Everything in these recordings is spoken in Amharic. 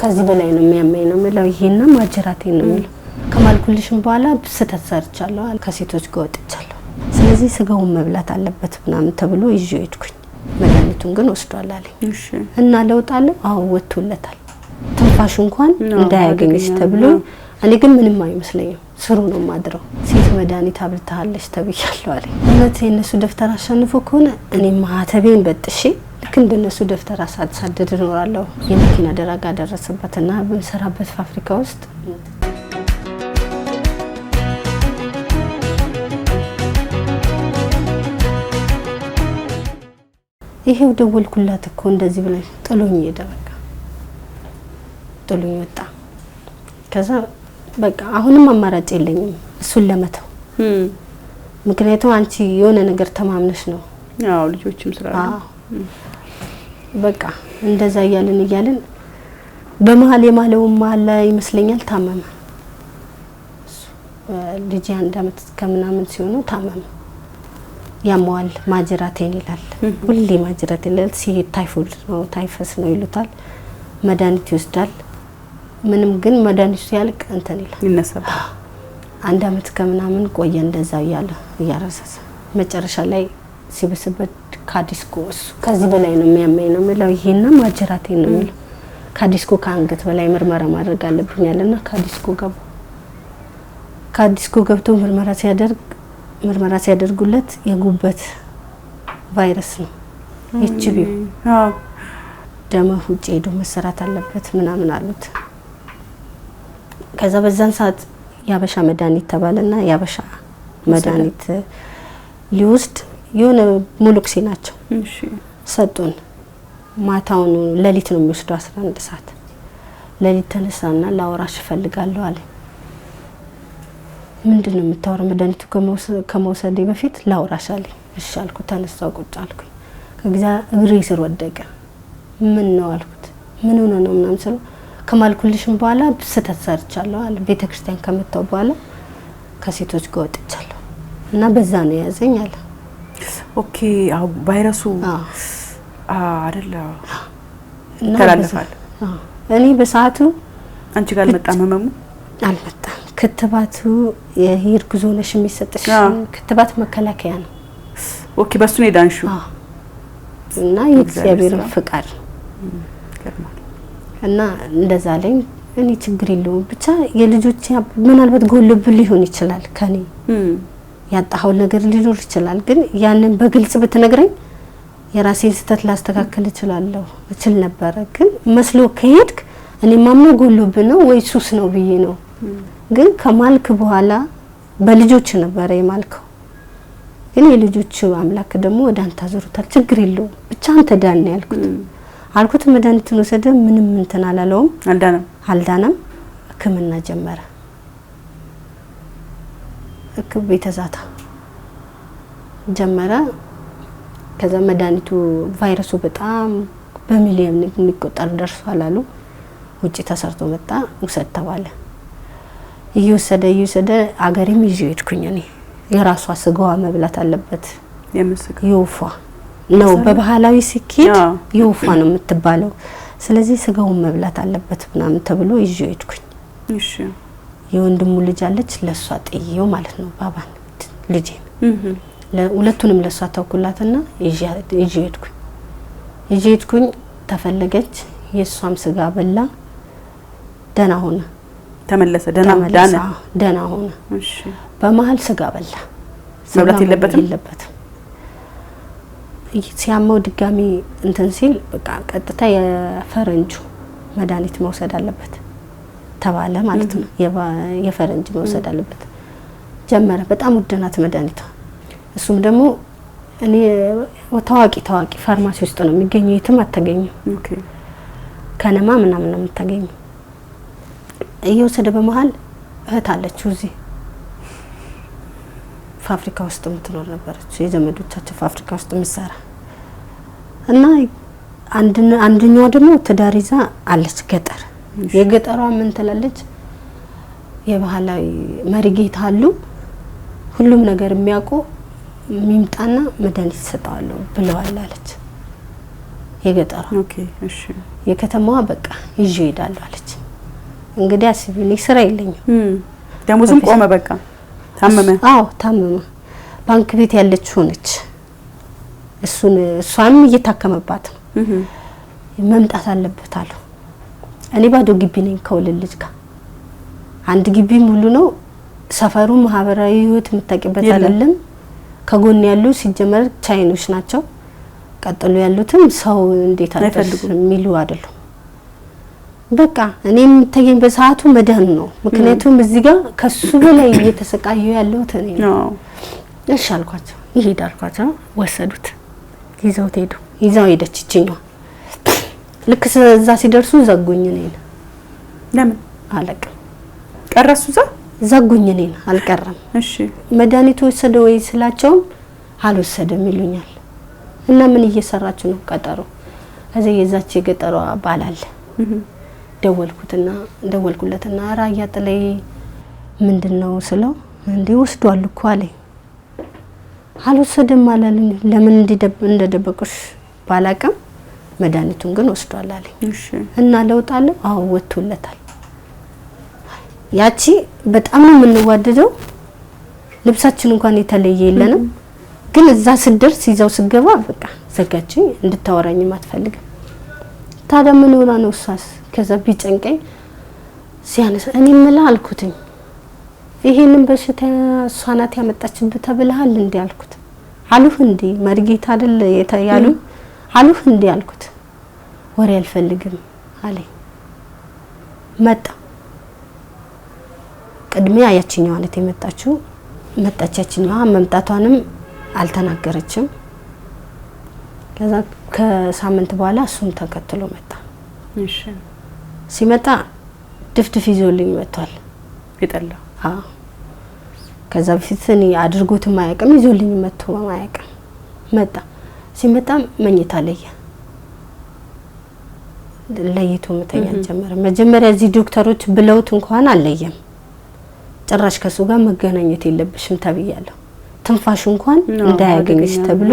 ከዚህ በላይ ነው የሚያመኝ ነው የምለው። ይሄና ማጀራቴ ነው የምለው። ከማልኩልሽም በኋላ ስህተት ሰርቻለሁ፣ ከሴቶች ጋር ወጥቻለሁ። ስለዚህ ስጋውን መብላት አለበት ምናምን ተብሎ ይዤ ሄድኩኝ። መድኃኒቱን ግን ወስዷል አለኝ እና ለውጣለሁ። አዎ ወጥቶለታል። ትንፋሽ እንኳን እንዳያገኝሽ ተብሎ እኔ ግን ምንም አይመስለኝም። ስሩ ነው ማድረው። ሴት መድኃኒት አብልታሃለች ተብያለሁ አለኝ። እውነት የእነሱ ደብተር አሸንፎ ከሆነ እኔ ማህተቤን በጥሼ ልክ እንደነሱ ደፍተር ሳልሳደድ እኖራለሁ። የመኪና አደጋ ደረሰበትና በምሰራበት ፋብሪካ ውስጥ ይሄው ደወልኩላት እኮ እንደዚህ ብለ ጥሎኝ ሄደ። ጥሎኝ ወጣ። ከዛ በቃ አሁንም አማራጭ የለኝም እሱን ለመተው። ምክንያቱም አንቺ የሆነ ነገር ተማምነሽ ነው። አዎ ልጆችም ስራ በቃ እንደዛ እያልን እያልን በመሀል የማለውን መሀል ላይ ይመስለኛል ታመመ። ልጅ አንድ አመት ከምናምን ሲሆኑ ታመመ። ያመዋል፣ ማጅራቴን ይላል። ሁሌ ማጅራቴን ይላል። ሲሄድ ታይፎይድ ነው ታይፈስ ነው ይሉታል። መድኃኒት ይወስዳል። ምንም ግን መድኃኒቱ ሲያልቅ እንትን ይላል ይነሳል። አንድ አመት ከምናምን ቆየ እንደዛ እያለ እያረሰሰ መጨረሻ ላይ ሲብስበት ካዲስኮ እሱ ከዚህ በላይ ነው የሚያመኝ ነው የምለው ይሄና ማጀራቴ ነው የምለው ከዲስኮ ከአንገት በላይ ምርመራ ማድረግ አለብኝ ያለና ካዲስኮ ገቡ። ካዲስኮ ገብቶ ምርመራ ሲያደርግ ምርመራ ሲያደርጉለት የጉበት ቫይረስ ነው ኤችቢው ደመ ውጭ ሄዶ መሰራት አለበት ምናምን አሉት። ከዛ በዛን ሰዓት የአበሻ መድኃኒት ተባለና የአበሻ መድኃኒት ሊወስድ የሆነ ሙሉክሲ ናቸው ሰጡን። ማታውን ለሊት ነው የሚወስዱ አስራ አንድ ሰዓት ሌሊት ተነሳና ላወራሽ እፈልጋለሁ አለ። ምንድን ነው የምታወራው? መድኃኒቱ ከመውሰዴ በፊት ላውራሽ አለ። እሺ አልኩት። ተነሳው ቁጭ አልኩኝ። ከጊዜ እግሬ ስር ወደቀ። ምን ነው አልኩት። ምን ሆነ ነው ምናምን ስለው ከማልኩልሽም በኋላ ስህተት ሰርቻለሁ አለ። ቤተክርስቲያን ከመጣሁ በኋላ ከሴቶች ጋር ወጥቻለሁ እና በዛ ነው የያዘኝ አለ። ኦኬ ቫይረሱ አይደለ ተላለፋል። እኔ በሰዓቱ አንቺ ጋር አልመጣም፣ ህመሙ አልመጣም። ክትባቱ የሄድ ጉዞ ነሽ የሚሰጥሽ ክትባት መከላከያ ነው። ኦኬ በሱ ነው ዳንሹ እና የእግዚአብሔርን ፍቃድ እና እንደዛ ላይ እኔ ችግር የለውም ብቻ የልጆች ምናልባት ጎልብ ሊሆን ይችላል ከኔ ያጣኸውን ነገር ሊኖር ይችላል። ግን ያንን በግልጽ ብትነግረኝ የራሴን ስህተት ላስተካከል እችላለሁ እችል ነበረ። ግን መስሎ ከሄድክ እኔ ማሞ ጎሎብ ነው ወይ ሱስ ነው ብዬ ነው። ግን ከማልክ በኋላ በልጆች ነበረ የማልከው። ግን የልጆች አምላክ ደግሞ ወደ አንተ አዞሩታል። ችግር የለውም ብቻ አንተ ዳን ነው ያልኩት። አልኩት መድኃኒቱን ወሰደ። ምንም እንትን አላለውም፣ አልዳነም። ሕክምና ጀመረ። እክብ የተዛታ ጀመረ። ከዛ መድኃኒቱ ቫይረሱ በጣም በሚሊዮን የሚቆጠር ደርሷል አሉ። ውጭ ተሰርቶ መጣ ውሰድ ተባለ። እየወሰደ እየወሰደ አገሬም ይዤ ሄድኩኝ። እኔ የራሷ ስጋዋ መብላት አለበት የወፏ ነው በባህላዊ ስኬት የወፏ ነው የምትባለው። ስለዚህ ስጋውን መብላት አለበት ምናምን ተብሎ ይዤ ሄድኩኝ። የወንድሙ ልጅ አለች ለእሷ ጥዬው ማለት ነው ባባን ልጄን ሁለቱንም ለእሷ ተውኩላትና ይዤ ሄድኩኝ። ይዤ ሄድኩኝ ተፈለገች። የእሷም ስጋ በላ ደህና ሆነ ተመለሰ። ደህና ሆነ። በመሀል ስጋ በላ መብላት የለበትም የለበትም ሲያመው ድጋሚ እንትን ሲል በቃ ቀጥታ የፈረንጁ መድኃኒት መውሰድ አለበት። ተባለ ማለት ነው። የፈረንጅ መውሰድ አለበት ጀመረ። በጣም ውድ ናት መድኃኒቷ። እሱም ደግሞ እኔ ታዋቂ ታዋቂ ፋርማሲ ውስጥ ነው የሚገኘው፣ የትም አታገኘው። ከነማ ምናምን ነው የምታገኘው። እየወሰደ በመሀል እህት አለችው እዚህ ፋብሪካ ውስጥ የምትኖር ነበረች፣ የዘመዶቻቸው ፋብሪካ ውስጥ የምትሰራ እና አንደኛዋ ደግሞ ትዳር ይዛ አለች ገጠር የገጠሯ ምን ትላለች? የባህላዊ መሪጌት አሉ ሁሉም ነገር የሚያውቁ የሚምጣና መድኃኒት ይሰጠዋለሁ ብለዋል አለች። የገጠሯ የከተማዋ በቃ ይዤ እሄዳለሁ አለች። እንግዲህ አስቢ እኔ ስራ የለኝም፣ ደሞዝም ቆመ። በቃ ታመመ። አዎ ታመመ። ባንክ ቤት ያለች ሆነች። እሱን እሷም እየታከመባት ነው። መምጣት አለበት አለሁ እኔ ባዶ ግቢ ነኝ ከወለል ልጅ ጋር አንድ ግቢ ሙሉ ነው ሰፈሩ። ማህበራዊ ህይወት የምታውቂበት አይደለም። ከጎን ያሉ ሲጀመር ቻይኖች ናቸው። ቀጥሎ ያሉትም ሰው እንዴት አይፈልጉም የሚሉ አይደሉም። በቃ እኔ የምታየኝ በሰዓቱ መዳን ነው። ምክንያቱም እዚህ ጋር ከሱ በላይ እየተሰቃዩ ያለሁት እኔ ነው። እሺ አልኳቸው፣ ይሄድ አልኳቸው። ወሰዱት፣ ይዘውት ሄዱ። ይዘው ሄደች ይችኛዋ ልክ ስለዛ ሲደርሱ ዘጉኝ። እኔን ለምን አለቅም ቀረሱ እዛ ዘጉኝ። እኔን አልቀረም። እሺ መድኃኒቱ ወሰደ ወይ ስላቸውም አልወሰደም ይሉኛል። እና ምን እየሰራችሁ ነው? ቀጠሮ እዚህ የዛች የገጠሯ ባል አለ። ደወልኩትና ደወልኩለትና ራያ ጥለይ ምንድን ነው ስለው እንዴ ወስዷል እኮ አለኝ። አልወሰደም አላለኝ። ለምን እንደደበቁሽ ባላቅም መድኃኒቱን ግን ወስዷል አለኝ። እና ለውጥ አለው? አዎ ወጥቶለታል። ያቺ በጣም ነው የምንዋደደው። ልብሳችን እንኳን የተለየ የለንም። ግን እዛ ስንደርስ ይዛው ስገባ በቃ ዘጋችኝ፣ እንድታወራኝም አትፈልግም። ታዲያ ምን ሆና ነው እሷስ? ከዛ ቢጨንቀኝ ሲያነሳ እኔ ምላ አልኩትኝ ይሄንን በሽታ እሷ ናት ያመጣችብህ ተብልሃል እንዴ አልኩት። አሉህ እንዴ መርጌታ አይደል ያሉኝ አሉህ እንዴ አልኩት። ወሬ አልፈልግም አለኝ። መጣ። ቅድሚያ ያችኛዋ ናት የመጣችው። መጣች። ያችኛዋ መምጣቷንም አልተናገረችም። ከዛ ከሳምንት በኋላ እሱም ተከትሎ መጣ። እሺ ሲመጣ ድፍድፍ ይዞልኝ መጥቷል። ይጠላ አዎ። ከዛ በፊት እኔ አድርጎትም አያውቅም፣ ይዞልኝ መጥቶ አያውቅም። መጣ ሲመጣ መኝታ ለየ ለይቶ መተኛ ጀመረ። መጀመሪያ እዚህ ዶክተሮች ብለውት እንኳን አለየም። ጭራሽ ከሱ ጋር መገናኘት የለብሽም ተብያለሁ። ትንፋሹ እንኳን እንዳያገኝሽ ተብሎ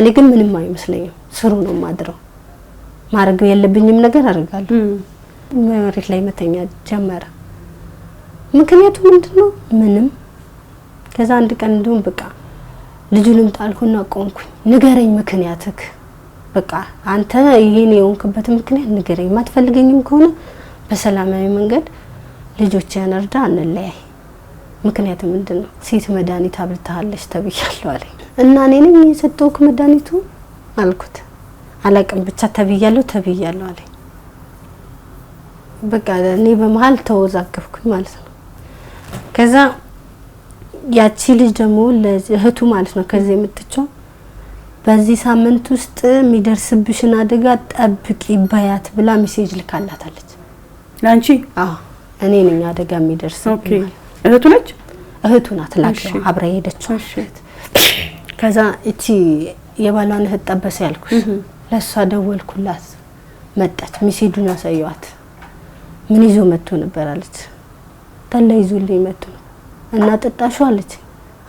እኔ ግን ምንም አይመስለኝም። ስሩ ነው ማድረው ማድረግ ያለብኝም ነገር አድርጋለሁ። መሬት ላይ መተኛ ጀመረ። ምክንያቱ ምንድን ነው? ምንም ከዛ አንድ ቀን እንዲሁም በቃ ልጁንም ጣልኩና ቆምኩኝ። ንገረኝ ምክንያትክ፣ በቃ አንተ ይህን የሆንክበት ምክንያት ንገረኝ። የማትፈልገኝም ከሆነ በሰላማዊ መንገድ ልጆችን እርዳ፣ አንለያይ። ምክንያት ምንድን ነው? ሴት መድኃኒት አብልታለች ተብያለሁ አለኝ እና እኔ ነኝ የሰጠውክ መድኃኒቱ አልኩት። አላቅም ብቻ ተብያለሁ ተብያለሁ አለኝ። በቃ እኔ በመሀል ተወዛገብኩኝ ማለት ነው ከዛ ያቺ ልጅ ደግሞ እህቱ ማለት ነው ከዚህ የምትቸው በዚህ ሳምንት ውስጥ የሚደርስብሽን አደጋ ጠብቂ ባያት ብላ ሜሴጅ ልካላታለች። ላንቺ? አዎ እኔ ነኝ አደጋ የሚደርስ። ኦኬ እህቱ ነች? እህቱ ናት። ላክ አብረ ሄደችው። ከዛ እቺ የባሏን እህት ጠበሰ ያልኩሽ ለእሷ ደወልኩላት፣ መጣች። ሜሴጁን አሳየዋት። ምን ይዞ መጥቶ ነበር አለች። ተላ ይዞልኝ መጥቶ ነው እና ጠጣሹ አለች።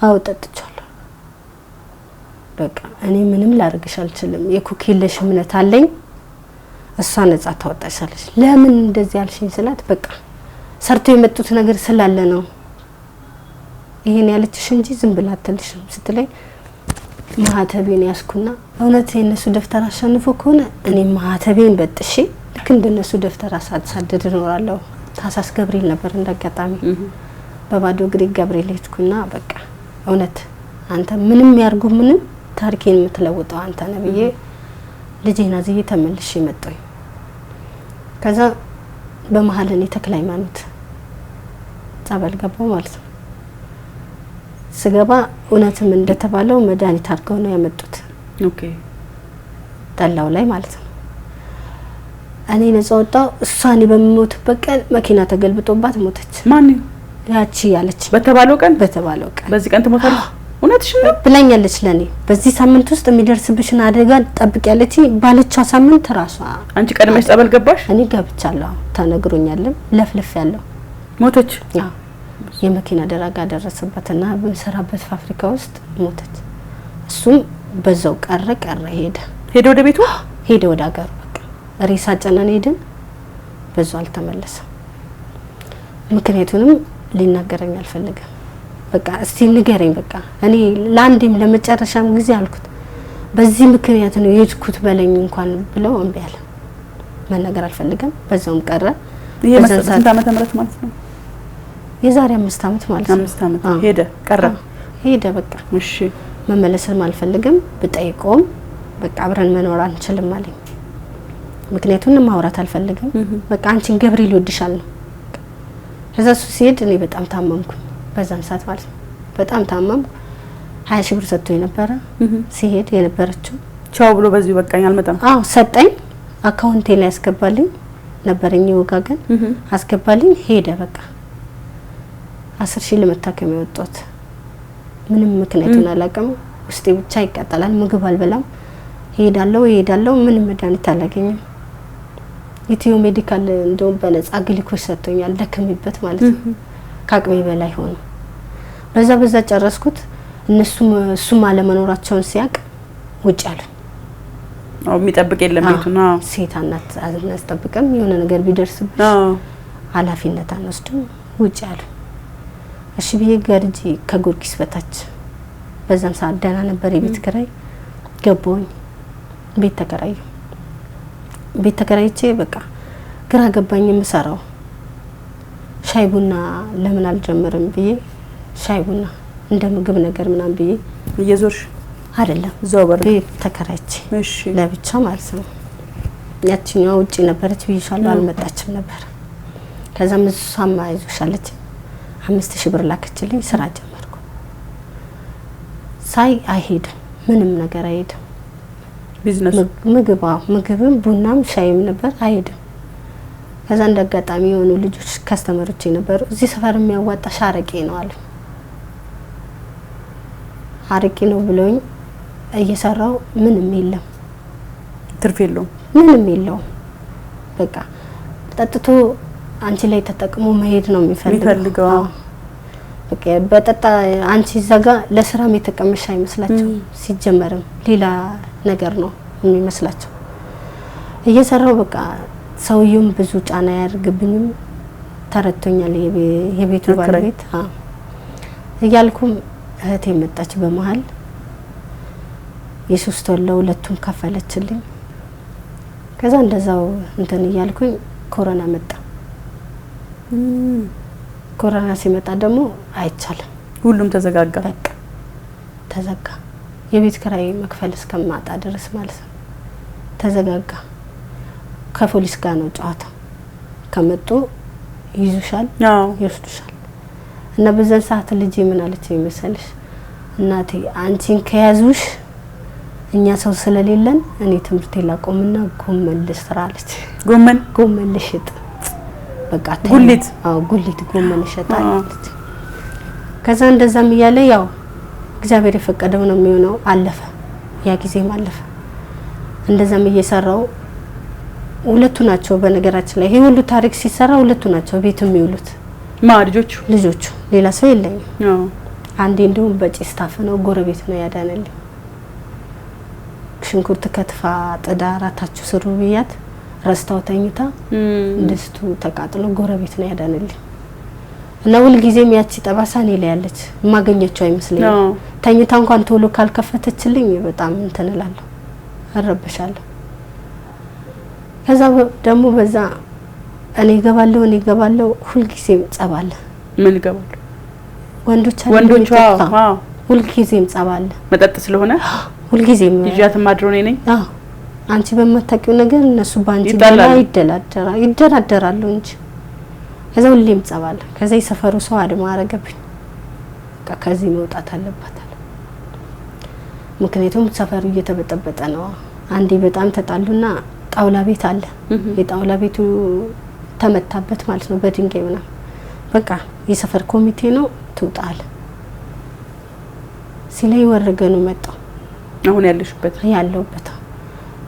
አዎ ጠጥቻለሁ። በቃ እኔ ምንም ላደርግሽ አልችልም። የኩክ የለሽ እምነት አለኝ። እሷ ነጻ ታወጣሻለች። ለምን እንደዚህ አልሽኝ ስላት በቃ ሰርቶ የመጡት ነገር ስላለ ነው ይሄን ያለችሽ እንጂ ዝም ብላ አትልሽም ስትለኝ ማህተቤን ያስኩና እውነት የእነሱ ደብተር አሸንፎ ከሆነ እኔ ማህተቤን በጥሼ ልክ እንደነሱ ደብተር ሳሳድድ እኖራለሁ። ታሳስ ገብርኤል ነበር እንዳጋጣሚ በባዶ እግሬ ገብርኤል ሄድኩና በቃ እውነት አንተ ምንም ያርጉ ምንም ታሪኬን የምትለውጠው አንተ ነህ ብዬ ልጄን አዝዬ ተመልሼ መጣሁ። ከዛ በመሀል እኔ ተክለ ሃይማኖት ጸበል ገባሁ ማለት ነው። ስገባ እውነትም እንደተባለው መድኃኒት አድርገው ነው ያመጡት ጠላው ላይ ማለት ነው። እኔ ነጻ ወጣሁ። እሷ እኔ በምሞትበት ቀን መኪና ተገልብጦባት ሞተች። ማን ያቺ ያለች በተባለው ቀን በተባለው ቀን በዚህ ቀን ትሞታለች እውነትሽ ነው ብለኛለች። ለኔ በዚህ ሳምንት ውስጥ የሚደርስብሽን አደጋ ጠብቅ ያለች ባለቻው ሳምንት ራሷ አንቺ ቀድመሽ ጸበል ገባሽ? እኔ ገብቻለሁ። ተነግሮኛልም ለፍልፍ ያለው ሞተች። የመኪና አደጋ ደረሰበትና በሰራበት ፋብሪካ ውስጥ ሞተች። እሱም በዛው ቀረ ቀረ ሄደ ሄደ ወደ ቤቱ ሄደ ወደ ሀገሩ። በቃ ሬሳ ጭነን ሄድን። በዛው አልተመለሰም። ምክንያቱንም ሊናገረኝ አልፈልግም። በቃ እስቲ ንገረኝ፣ በቃ እኔ ለአንዴም ለመጨረሻም ጊዜ አልኩት። በዚህ ምክንያት ነው የሄድኩት በለኝ እንኳን ብለው እምቢ አለ። መናገር አልፈልገም፣ በዛውም ቀረ። ስንት ዓመተ ምህረት ማለት ነው? የዛሬ አምስት አመት ማለት ነው። አምስት አመት ሄደ፣ ቀረ፣ ሄደ። በቃ እሺ፣ መመለስም አልፈልግም። ብጠይቀውም በቃ አብረን መኖር አንችልም አለኝ። ምክንያቱን ማውራት አልፈልግም። በቃ አንቺን ገብርኤል ይወድሻል ነው ከዛ እሱ ሲሄድ እኔ በጣም ታመምኩ። በዛን ሰዓት ማለት ነው። በጣም ታመምኩ። ሀያ ሺህ ብር ሰጥቶ የነበረ ሲሄድ የነበረችው ቻው ብሎ በዚሁ በቃኝ አልመጣም። አዎ ሰጠኝ፣ አካውንቴ ላይ ያስገባልኝ ነበረኝ ወጋገን አስገባልኝ። ሄደ በቃ አስር ሺህ ለመታከም የወጣሁት ምንም ምክንያቱን አላውቅም። ውስጤ ብቻ ይቃጠላል። ምግብ አልበላም። ሄዳለሁ ሄዳለሁ። ምንም መድኃኒት አላገኘም። ኢትዮ ሜዲካል እንደውም በነጻ ግሊኮች ሰጥቶኛል። ደከሚበት ማለት ነው። ከአቅሜ በላይ ሆኖ በዛ በዛ ጨረስኩት። እነሱም እሱም አለመኖራቸውን ሲያቅ ውጭ አሉ። አው የሚጠብቅ የለም ቤቱ ነው። ሴት አናት አናስጠብቅም። የሆነ ነገር ቢደርስብሽ ኃላፊነት አንወስድም። ውጭ አሉ። እሺ ብዬ ገርጂ ከጊዮርጊስ በታች በዛም ሰዓት ደህና ነበር የቤት ክራይ ገባሁኝ። ቤት ተከራየሁ። ቤት ተከራይቼ በቃ ግራ ገባኝ የምሰራው። ሻይ ቡና ለምን አልጀምርም ብዬ ሻይ ቡና እንደ ምግብ ነገር ምናምን ብዬ እየዞርሽ አይደለም፣ እዛው በር ቤት ተከራይቼ ለብቻ ማለት ነው። ያቺኛዋ ውጪ ነበረች ብዬሻለሁ፣ አልመጣችም ነበር። ከዛም እሷማ አይዞሻለች አምስት ሺህ ብር ላከችልኝ። ስራ ጀመርኩ። ሳይ አይሄድም፣ ምንም ነገር አይሄድም። ቢዝነሱ ምግብ ምግብም ቡናም ሻይም ነበር አይሄድም። ከዛ እንደ አጋጣሚ የሆኑ ልጆች ከስተመሮች ነበሩ። እዚህ ሰፈር የሚያዋጣሽ አረቄ ነው አለ። አረቄ ነው ብለውኝ እየሰራው ምንም የለም ትርፍ የለውም ምንም የለውም። በቃ ጠጥቶ አንቺ ላይ ተጠቅሞ መሄድ ነው የሚፈልገው። በጠጣ አንቺ እዛ ጋ ለስራም የተቀመሽ አይመስላቸው ሲጀመርም ሌላ ነገር ነው የሚመስላቸው። እየሰራው በቃ ሰውየውም ብዙ ጫና ያደርግብኝም ተረድቶኛል። የቤቱ ባለቤት እያልኩም እህቴ መጣች። በመሀል የሶስት ወር ለሁለቱም ከፈለችልኝ። ከዛ እንደዛው እንትን እያልኩኝ ኮሮና መጣ። ኮሮና ሲመጣ ደግሞ አይቻልም፣ ሁሉም ተዘጋጋ፣ በቃ ተዘጋ። የቤት ክራይ መክፈል እስከማጣ ድረስ ማለት ነው። ተዘጋጋ። ከፖሊስ ጋር ነው ጨዋታ። ከመጡ ይዙሻል፣ ይወስዱሻል። እና በዛን ሰዓት ልጅ ምን አለች ይመሰልሽ? እናቴ አንቺን ከያዙሽ እኛ ሰው ስለሌለን እኔ ትምህርት ላቆምና ጎመን ልስራ አለች። ጎመን ጎመን ልሽጥ በቃ ጉሊት፣ አዎ ጉሊት ጎመን እሸጣለሁ። ከዛ እንደዛም እያለ ያው እግዚአብሔር የፈቀደው ነው የሚሆነው። አለፈ፣ ያ ጊዜም አለፈ። እንደዛም እየሰራው ሁለቱ ናቸው። በነገራችን ላይ ይሄ ሁሉ ታሪክ ሲሰራ ሁለቱ ናቸው ቤቱ የሚውሉት ማ ልጆቹ ልጆቹ፣ ሌላ ሰው የለኝም። አንዴ እንዲሁም በጭስ ታፍነው ጎረቤት ነው ያዳነልኝ። ሽንኩርት ከትፋ ጥዳ ራታችሁ ስሩ ብያት ረስታው ተኝታ ድስቱ ተቃጥሎ ጎረቤት ነው ያዳነልኝ። እና ሁልጊዜም ያቺ ጠባሳ እኔ ላይ ያለች የማገኘችው አይመስለኝም። ተኝታ እንኳን ቶሎ ካልከፈተችልኝ በጣም እንትን እላለሁ፣ እረበሻለሁ። ከዛ ደግሞ በዛ እኔ እገባለሁ እኔ እገባለሁ ሁልጊዜም ጸባለ ምን እገባለሁ ወንዶች ወንዶች ሁልጊዜም ጸባለ መጠጥ ስለሆነ ሁልጊዜም ይዣት ማድሮ ነኝ ነኝ አንቺ በማታውቂው ነገር እነሱ ባንቺ ላይ ይደላደራሉ እንጂ ከዛ ሁሌም ጸባለ ከዛ የሰፈሩ ሰው አድማ አረገብኝ። በቃ ከዚህ መውጣት አለባታል። ምክንያቱም ሰፈሩ እየተበጠበጠ ነው። አንዴ በጣም ተጣሉና ጣውላ ቤት አለ። የጣውላ ቤቱ ተመታበት ማለት ነው በድንጋይ ምናምን። በቃ የሰፈር ኮሚቴ ነው ትውጣል ሲለኝ ነው መጣው። አሁን ያለሽበት ያለውበት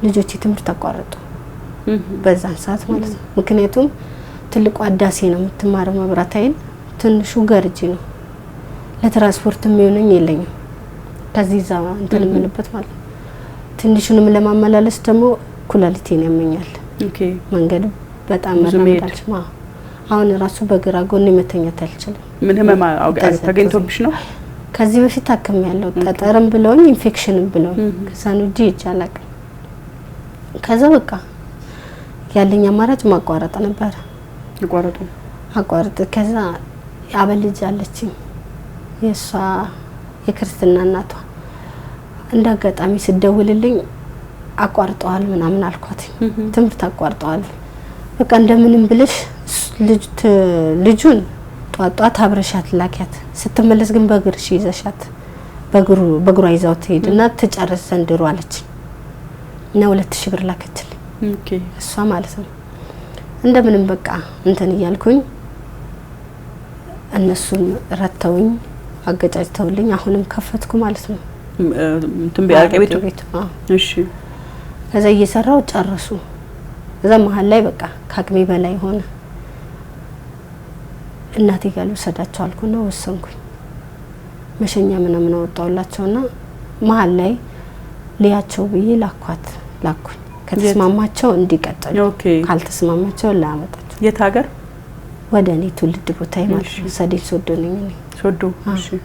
ልጆች ትምህርት ተቋረጡ በዛን ሰዓት ማለት ነው ምክንያቱም ትልቁ አዳሴ ነው የምትማረው መብራት ኃይል፣ ትንሹ ገርጂ ነው። ለትራንስፖርት የሚሆነኝ የለኝም ከዚህ ዛ እንትን የምልበት ማለት ነው። ትንሹንም ለማመላለስ ደግሞ ኩላሊቴን ያመኛል። መንገድ በጣም መራመዳች አሁን ራሱ በግራ ጎን መተኛት አልችልም። ምን ህመም ተገኝቶብሽ ነው? ከዚህ በፊት ታክም ያለው ጠጠርም ብለውኝ ኢንፌክሽንም ብለውኝ ከዛን ውጪ ይቻላል። ከዛ በቃ ያለኝ አማራጭ ማቋረጥ ነበር። አቋረጡ አቋረጥ ከዛ አበል ልጅ አለችኝ የእሷ የክርስትና እናቷ እንደ አጋጣሚ ስደውልልኝ አቋርጠዋል ምናምን አልኳት። ትምህርት አቋርጠዋል በቃ እንደምንም ብለሽ ልጁን ጧጧት አብረሻት ላኪያት፣ ስትመለስ ግን በእግርሽ ይዘሻት በእግሯ ይዛው ትጨርስ ዘንድሮ እና ሁለት ብር ላከችልኝ እሷ ማለት ነው። እንደምንም በቃ እንትን እያልኩኝ እነሱም ረተውኝ አገጫጭተውልኝ አሁንም ከፈትኩ ማለት ነው። እንትን ቤቱ ቤቱ እሺ። ከዛ እየሰራው ጨረሱ። እዛ መሀል ላይ በቃ ከአቅሜ በላይ ሆነ። እናቴ ጋር ልውሰዳቸው አልኩና ወሰንኩኝ። መሸኛ ምናምን አወጣውላቸውና መሀል ላይ ልያቸው ብዬ ላኳት ላኩኝ። ከተስማማቸው እንዲቀጥሉ፣ ካልተስማማቸው ላመጣቸው የት ሀገር ወደ እኔ ትውልድ ቦታ ማለት ነው። ሰዴት ሶዶ ነኝ እኔ ሶዶ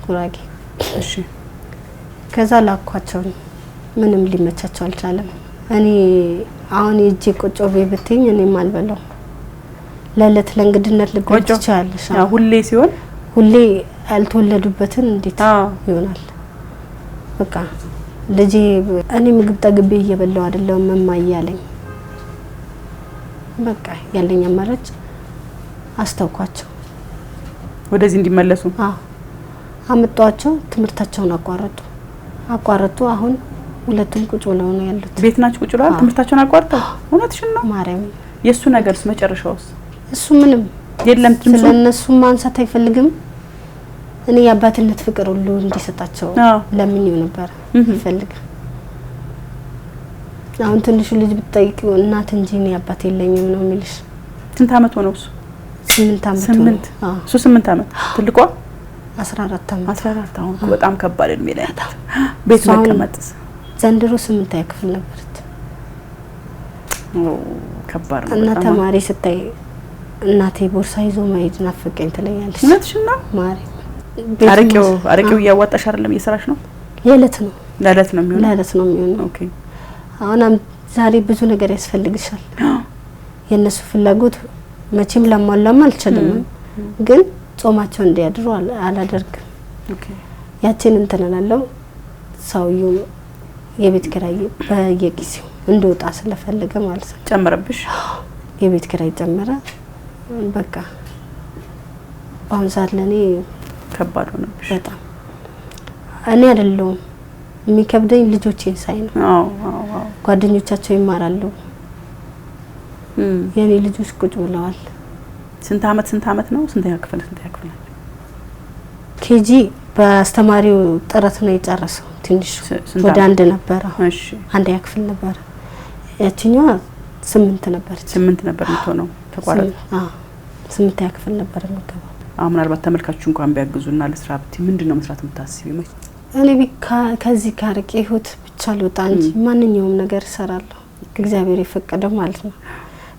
ጉራጌ። እሺ ከዛ ላኳቸው ምንም ሊመቻቸው አልቻለም። እኔ አሁን የእጄ ቆጮ ቤ ብትኝ እኔም አልበላው ለእለት ለእንግድነት ልጎጅ ይችላለሽ። ሁሌ ሲሆን ሁሌ ያልተወለዱበትን እንዴት ይሆናል? በቃ ልጄ እኔ ምግብ ጠግቤ እየበላው አይደለም እማዬ አለኝ። በቃ ያለኝ አማራጭ አስተውኳቸው ወደዚህ እንዲመለሱ አመጧቸው። ትምህርታቸውን አቋረጡ አቋረጡ። አሁን ሁለቱም ቁጭ ብለው ነው ያሉት። ቤት ናቸው ቁጭ ብለዋል። ትምህርታቸውን አቋርጠው። እውነትሽን ነው ማርያም። የእሱ ነገርስ መጨረሻውስ? እሱ ምንም የለም። ስለ እነሱ ማንሳት አይፈልግም። እኔ የአባትነት ፍቅር ሁሉ እንዲሰጣቸው ለምኜው ነበር ፈልግ አሁን ትንሹ ልጅ ብትጠይቂው እናት እንጂ እኔ አባት የለኝም ነው የሚልሽ። ስንት አመት ሆነው? እሱ ስምንት አመት ስምንት እሱ ስምንት አመት ትልቋ አስራ አራት አመት አስራ አራት አሁን በጣም ከባድ እድሜ ላይ ቤት መቀመጥ። ዘንድሮ ስምንት አይ ክፍል ነበረች ከባድ ነው እና ተማሪ ስታይ እናቴ ቦርሳ ይዞ መሄድ ናፈቀኝ ትለኛለች። እውነትሽን ነው አረቄው አረቄው እያዋጣሽ አይደለም እየሰራሽ ነው? ነው ለእለት ነው የሚሆነው ለእለት ነው የሚሆነው። ኦኬ አሁን ዛሬ ብዙ ነገር ያስፈልግሻል። የእነሱ ፍላጎት መቼም ላሟላም አልችልም፣ ግን ጾማቸው እንዲያድሩ አላደርግም። ያችን እንትን እላለሁ። ሰውዬው የቤት ኪራይ በየጊዜው እንደወጣ ስለፈለገ ማለት ነው። ጨመረብሽ? የቤት ኪራይ ጨመረ። በቃ በአሁኑ ሰዓት ለእኔ ከባድ ሆነብሽ? በጣም እኔ አይደለሁም የሚከብደኝ ልጆቼን ሳይ ነው። አዎ አዎ፣ ጓደኞቻቸው ይማራሉ። የኔ ልጆች ቁጭ ብለዋል። ስንት አመት ስንት አመት ነው? ስንተኛ ክፍል ስንተኛ ክፍል ኬጂ በአስተማሪው ጥረት ነው የጨረሰው። ትንሽ ወደ አንድ ነበረ። እሺ አንደኛ ክፍል ነበረ። ያቺኛዋ ስምንት ነበረች። ስምንት ነበር የምትሆነው። ተቋረጠ። አዎ ስምንተኛ ክፍል ነበር የምትገባው ምናልባት ተመልካቹ እንኳን ቢያግዙና ልስራ ብቲ ምንድን ነው መስራት የምታስቢው? እኔ ከዚህ ካርቅ ህይወት ብቻ ልውጣ እንጂ ማንኛውም ነገር እሰራለሁ እግዚአብሔር የፈቀደው ማለት ነው።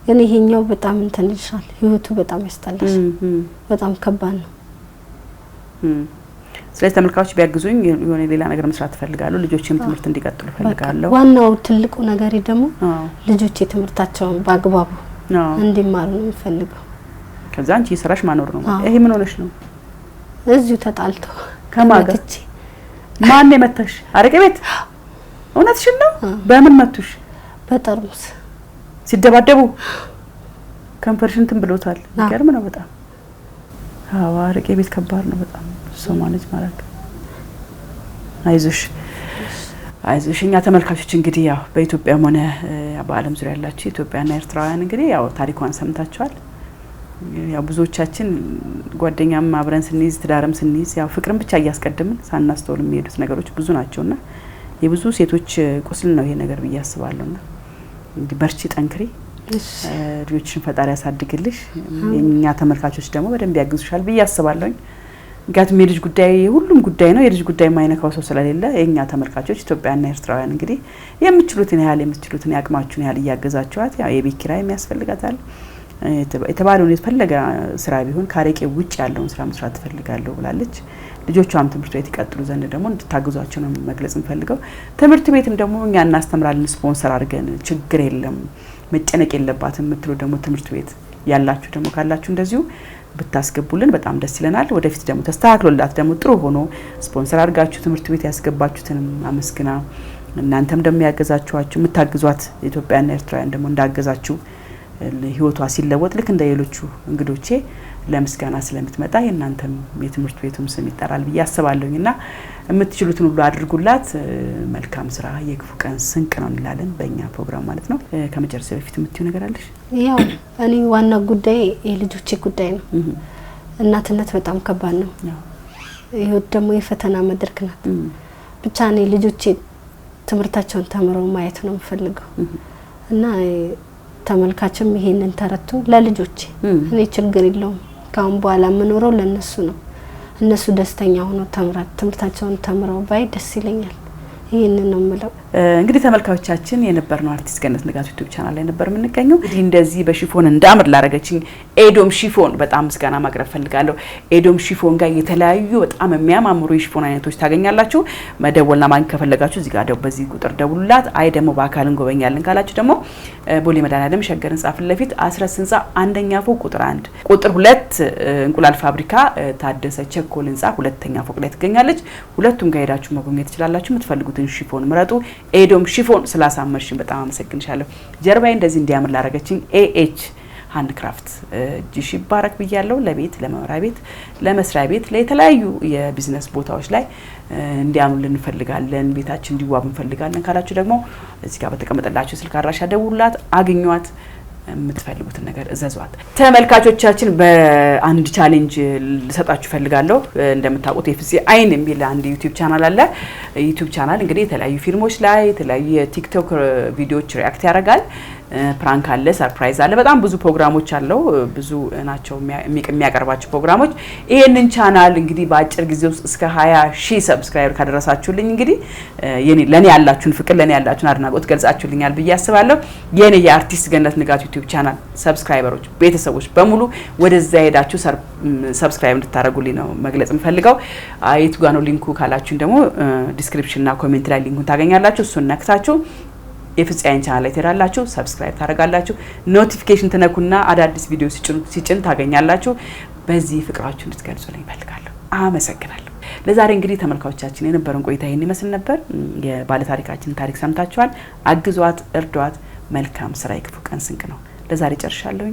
ግን ይሄኛው በጣም እንትን ይልሻል። ህይወቱ በጣም ያስጠላል። በጣም ከባድ ነው። ስለዚህ ተመልካቾች ቢያግዙኝ የሆነ ሌላ ነገር መስራት እፈልጋለሁ። ልጆችም ትምህርት እንዲቀጥሉ እፈልጋለሁ። ዋናው ትልቁ ነገሬ ደግሞ ልጆቼ ትምህርታቸውን በአግባቡ እንዲማሩ ነው የሚፈልገው። ከዛ አንቺ የስራሽ ማኖር ነው። ይሄ ምን ሆነሽ ነው? እዚሁ ተጣልቶ ከማገች ማን ነው የመታሽ? አረቄ ቤት። እውነትሽን ነው? በምን መቱሽ? በጠርሙስ ሲደባደቡ ከንፈርሽን እንትን ብሎታል። ይገርም ነው በጣም አዎ። አረቄ ቤት ከባድ ነው በጣም ሰው ማለት ማለት አይዞሽ አይዞሽ እኛ ተመልካቾች እንግዲህ ያው በኢትዮጵያም ሆነ በዓለም ዙሪያ ያላችሁ ኢትዮጵያና ኤርትራውያን እንግዲህ ያው ታሪኳን ሰምታችኋል። ያው ብዙዎቻችን ጓደኛም አብረን ስንይዝ ትዳርም ስንይዝ ያው ፍቅርን ብቻ እያስቀደምን ሳናስተውል የሚሄዱት ነገሮች ብዙ ናቸውና የብዙ ሴቶች ቁስል ነው ይሄ ነገር ብዬ ና እንግዲህ በርቺ፣ ጠንክሪ፣ ልጆችን ፈጣሪ ያሳድግልሽ። የኛ ተመልካቾች ደግሞ በደንብ ያግዙሻል ብዬ አስባለሁኝ። ምክንያቱም የልጅ ጉዳይ ሁሉም ጉዳይ ነው። የልጅ ጉዳይ የማይነካው ሰው ስለሌለ የእኛ ተመልካቾች ኢትዮጵያና ኤርትራውያን እንግዲህ የምችሉትን ያህል የምትችሉትን ያቅማችሁን ያህል እያገዛችኋት፣ ያው የቤት የተባለውን የፈለገ ስራ ቢሆን ከአረቄ ውጭ ያለውን ስራ መስራት ትፈልጋለሁ ብላለች። ልጆቿም ትምህርት ቤት ይቀጥሉ ዘንድ ደግሞ እንድታግዟቸው ነው መግለጽ እንፈልገው። ትምህርት ቤትም ደግሞ እኛ እናስተምራለን ስፖንሰር አድርገን ችግር የለም መጨነቅ የለባትም የምትሉ ደግሞ ትምህርት ቤት ያላችሁ ደግሞ ካላችሁ እንደዚሁ ብታስገቡልን በጣም ደስ ይለናል። ወደፊት ደግሞ ተስተካክሎላት ደግሞ ጥሩ ሆኖ ስፖንሰር አድርጋችሁ ትምህርት ቤት ያስገባችሁትንም አመስግና እናንተም ደግሞ ያገዛችኋችሁ የምታግዟት ኢትዮጵያና ኤርትራውያን ደግሞ እንዳገዛችሁ ህይወቷ ሲለወጥ ልክ እንደ ሌሎቹ እንግዶቼ ለምስጋና ስለምትመጣ የእናንተም የትምህርት ቤቱም ስም ይጠራል ብዬ አስባለሁኝ እና የምትችሉትን ሁሉ አድርጉላት። መልካም ስራ የክፉ ቀን ስንቅ ነው እንላለን በእኛ ፕሮግራም ማለት ነው። ከመጨረሻ በፊት የምትዩ ነገር አለሽ? ያው እኔ ዋና ጉዳይ የልጆቼ ጉዳይ ነው። እናትነት በጣም ከባድ ነው። ህይወት ደግሞ የፈተና መድረክ ናት። ብቻ እኔ ልጆቼ ትምህርታቸውን ተምረው ማየት ነው የምፈልገው እና ተመልካችም ይሄንን ተረቶ ለልጆች እኔ ችግር የለውም ካሁን በኋላ የምኖረው ለእነሱ ነው፣ እነሱ ደስተኛ ሆኖ ተምራት ትምህርታቸውን ተምረው ባይ ደስ ይለኛል። ይህንን ነው የምለው። እንግዲህ ተመልካቾቻችን የነበርነው አርቲስት ገነት ንጋቱ ዩቱብ ቻናል ላይ ነበር የምንገኘው። እንግዲህ እንደዚህ በሽፎን እንዳምር ኤዶም ሽፎን በጣም ምስጋና ማቅረብ ፈልጋለሁ። ኤዶም ሽፎን ጋር የተለያዩ በጣም የሚያማምሩ የሽፎን አይነቶች ታገኛላችሁ። መደወልና ማግኘት ከፈለጋችሁ እዚህ ጋር በዚህ ቁጥር ደውሉላት። አይ ደግሞ በአካል እንጎበኛለን ካላችሁ ደግሞ ቦሌ ሸገር ፊት ለፊት አስረስ አንደኛ ፎቅ ቁጥር አንድ ቁጥር ሁለት እንቁላል ፋብሪካ ታደሰ ቸኮል ህንፃ ሁለተኛ ፎቅ ላይ ትገኛለች። ሁለቱም ጋር ሄዳችሁ መጎብኘት ትችላላችሁ ያልኩትን ሽፎን ምረጡ። ኤዶም ሽፎን ስላሳመርሽን በጣም አመሰግንሻለሁ። ጀርባዬ እንደዚህ እንዲያምር ላረገችኝ ኤኤች ሃንድ ክራፍት እጅሽ ይባረክ ብያለሁ። ለቤት ለመኖሪያ ቤት ለመስሪያ ቤት ለተለያዩ የቢዝነስ ቦታዎች ላይ እንዲያምር እንፈልጋለን፣ ቤታችን እንዲዋብ እንፈልጋለን ካላችሁ ደግሞ እዚህ ጋር በተቀመጠላችሁ ስልክ አድራሻ ደውሉላት፣ አግኟት። የምትፈልጉትን ነገር እዘዟት። ተመልካቾቻችን በአንድ ቻሌንጅ ልሰጣችሁ ፈልጋለሁ እንደምታውቁት የፍፄ አይን የሚል አንድ ዩቲዩብ ቻናል አለ። ዩቲዩብ ቻናል እንግዲህ የተለያዩ ፊልሞች ላይ የተለያዩ የቲክቶክ ቪዲዮዎች ሪያክት ያደርጋል። ፕራንክ አለ፣ ሰርፕራይዝ አለ። በጣም ብዙ ፕሮግራሞች አለው። ብዙ ናቸው የሚያቀርባቸው ፕሮግራሞች። ይሄንን ቻናል እንግዲህ በአጭር ጊዜ ውስጥ እስከ 20 ሺህ ሰብስክራይበር ካደረሳችሁልኝ እንግዲህ ለእኔ ያላችሁን ፍቅር፣ ለእኔ ያላችሁን አድናቆት ገልጻችሁልኛል ብዬ አስባለሁ። የእኔ የአርቲስት ገነት ንጋት ዩቲዩብ ቻናል ሰብስክራይበሮች፣ ቤተሰቦች በሙሉ ወደዛ ሄዳችሁ ሰብስክራይብ እንድታደረጉልኝ ነው መግለጽ የምፈልገው። የቱ ጋ ነው ሊንኩ ካላችሁን ደግሞ ዲስክሪፕሽንና ኮሜንት ላይ ሊንኩን ታገኛላችሁ። እሱን ነክታችሁ የፍጻሜን ቻናል ላይ ትሄዳላችሁ፣ ሰብስክራይብ ታደርጋላችሁ፣ ኖቲፊኬሽን ትነኩና አዳዲስ ቪዲዮ ሲጭን ታገኛላችሁ። በዚህ ፍቅራችሁ እንድትገልጹልኝ ይፈልጋለሁ። አመሰግናለሁ። ለዛሬ እንግዲህ ተመልካቾቻችን የነበረን ቆይታ ይህን ይመስል ነበር። ታሪካችን ታሪክ ሰምታችኋል። አግዟት፣ እርዷት። መልካም ስራ የክፉ ቀን ስንቅ ነው። ለዛሬ ጨርሻለሁ።